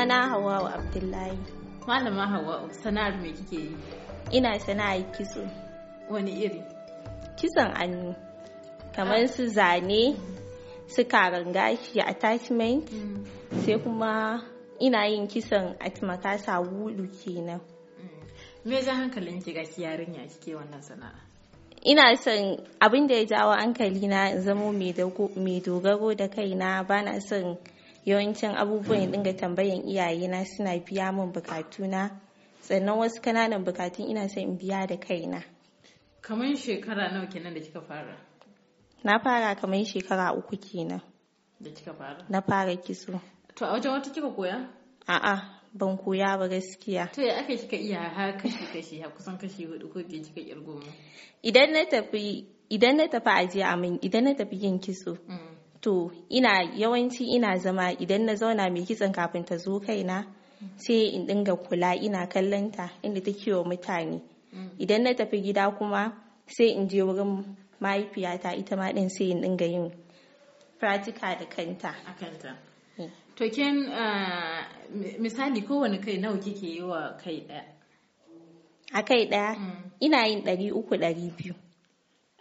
sunana hawawa abdullahi malama Hauwa sana'ar me kike yi ina sana'ar kitso wani iri kitson hannu. kamar ah. su zane su karin gashi attachment mm. sai kuma ina yin kitson atmakasa wulu kenan mm. me ja hankalin ki ga yarinya kike wannan sana'a ina son abin da ya jawo hankali na zamo mai dogaro da kaina bana son yawancin abubuwan ya dinga tambayan iyayena suna biya min bukatuna sannan wasu kananan bukatun ina son in biya da kaina kamar shekara nawa kenan da kika fara na fara kamar shekara uku kenan da kika fara na fara kitso to a wajen wata kika koya a'a ban koya ba gaskiya to ya aka kika iya har kashi kashi har kusan kashi hudu ko ke kika kirgo idan na tafi idan na tafi ajiya a min idan na tafi yin kitso to ina yawanci ina zama idan na zauna mai kitson kafin ta zo kaina sai in dinga kula ina kallon ta inda ta wa mutane mm. idan na tafi gida kuma sai in je wurin mahaifiyata ita ma din sai in dinga yin pratika da kanta eh. to ken eh, misali kowane kai nawa kike yi wa kai daya a kai daya mm. ina yin ɗari uku ɗari biyu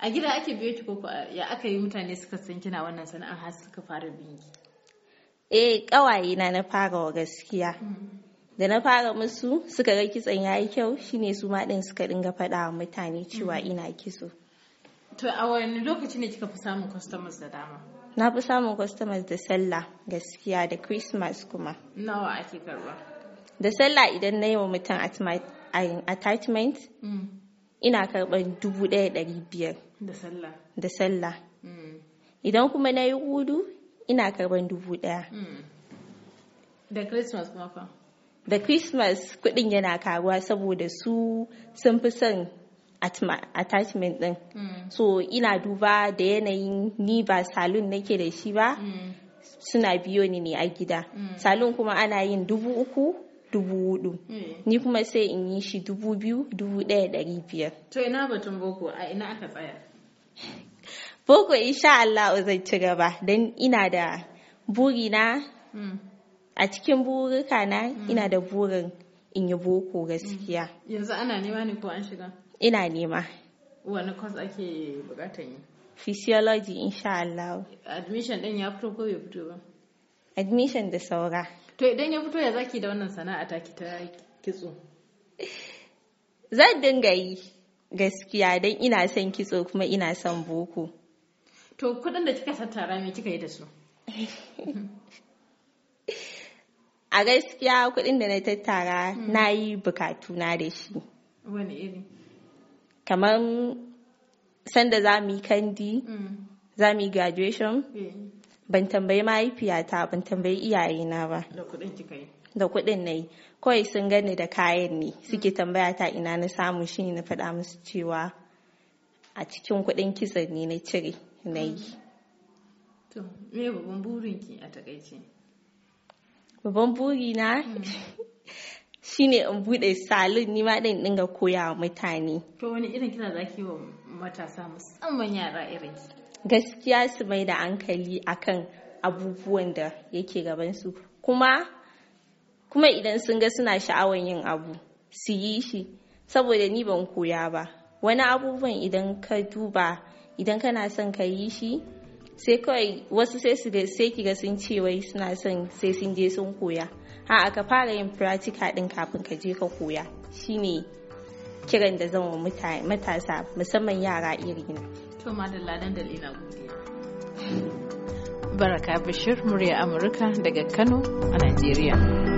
a gida ake biyo ki koko ya aka yi mutane suka san kina wannan sana'ar har suka fara bin ki eh kawaye na na fara wa gaskiya mm. da na fara musu suka ga kitson yayi kyau shine su ma din suka dinga faɗa wa mutane cewa mm. ina kitso to a wani lokaci ne kika fi samun customers da dama na fi samun customers da sallah gaskiya da christmas kuma nawa ake karba da sallah idan na yi wa mutum attachment mm. ina karban dubu ɗaya ɗari biyar da sallah da sallah mm. idan kuma na yi hudu ina karban dubu daya mm. da christmas kuma fa da christmas kudin yana karuwa saboda su sun fi son attachment din mm. so ina duba da yanayin ni ba salon nake da shi ba suna biyo ni ne a gida salon kuma ana yin dubu uku dubu hudu eh. ni kuma sai in yi shi dubu biyu dubu ɗaya ɗari biyar to ina batun boko a ina aka tsaya boko insha Allah zai ci gaba don ina da buri na hmm. a cikin burika na hmm. ina da burin in yi boko gaskiya hmm. yanzu ana nema ne ko an shiga ina nema wani kwas ake bukatan yi physiology insha Allah admission din ya fito ko bai fito ba admission da saura to idan ya fito ya zaki da wannan sana'a ta ki ta kitso zan dinga yi gaskiya don ina son kitso kuma ina son boko to kudin da kika tattara me kika yi da su a gaskiya kudin da na tattara hmm. na yi bukatu na da shi wani iri kamar sanda za mu yi kandi hmm. za mu yi graduation yeah. ban tambayi mahaifiyata ban tambayi iyayena ba da kuɗin na yi kawai sun gani da kayan ne suke tambaya ta ina na samu shi na faɗa musu cewa a cikin kuɗin kitson ne na cire na yi hmm. to me babban burin a takaice babban buri na hmm. shine in bude salon ni ma dinga koya wa mutane to wani irin kina zaki wa matasa musamman yara irin ki gaskiya su mai da hankali akan abubuwan da yake gabansu kuma kuma idan sun ga suna sha'awar yin abu su yi shi saboda ni ban koya ba wani abubuwan idan ka duba idan kana son ka yi shi sai kawai wasu sai su sai kiga sun ce wai suna son sai sun je sun koya a ka fara yin practical din kafin ka je ka koya shine kiran da zama wa matasa musamman yara irina To madalla dandali na godiya. Baraka Bashir murya Amurka daga Kano a Najeriya.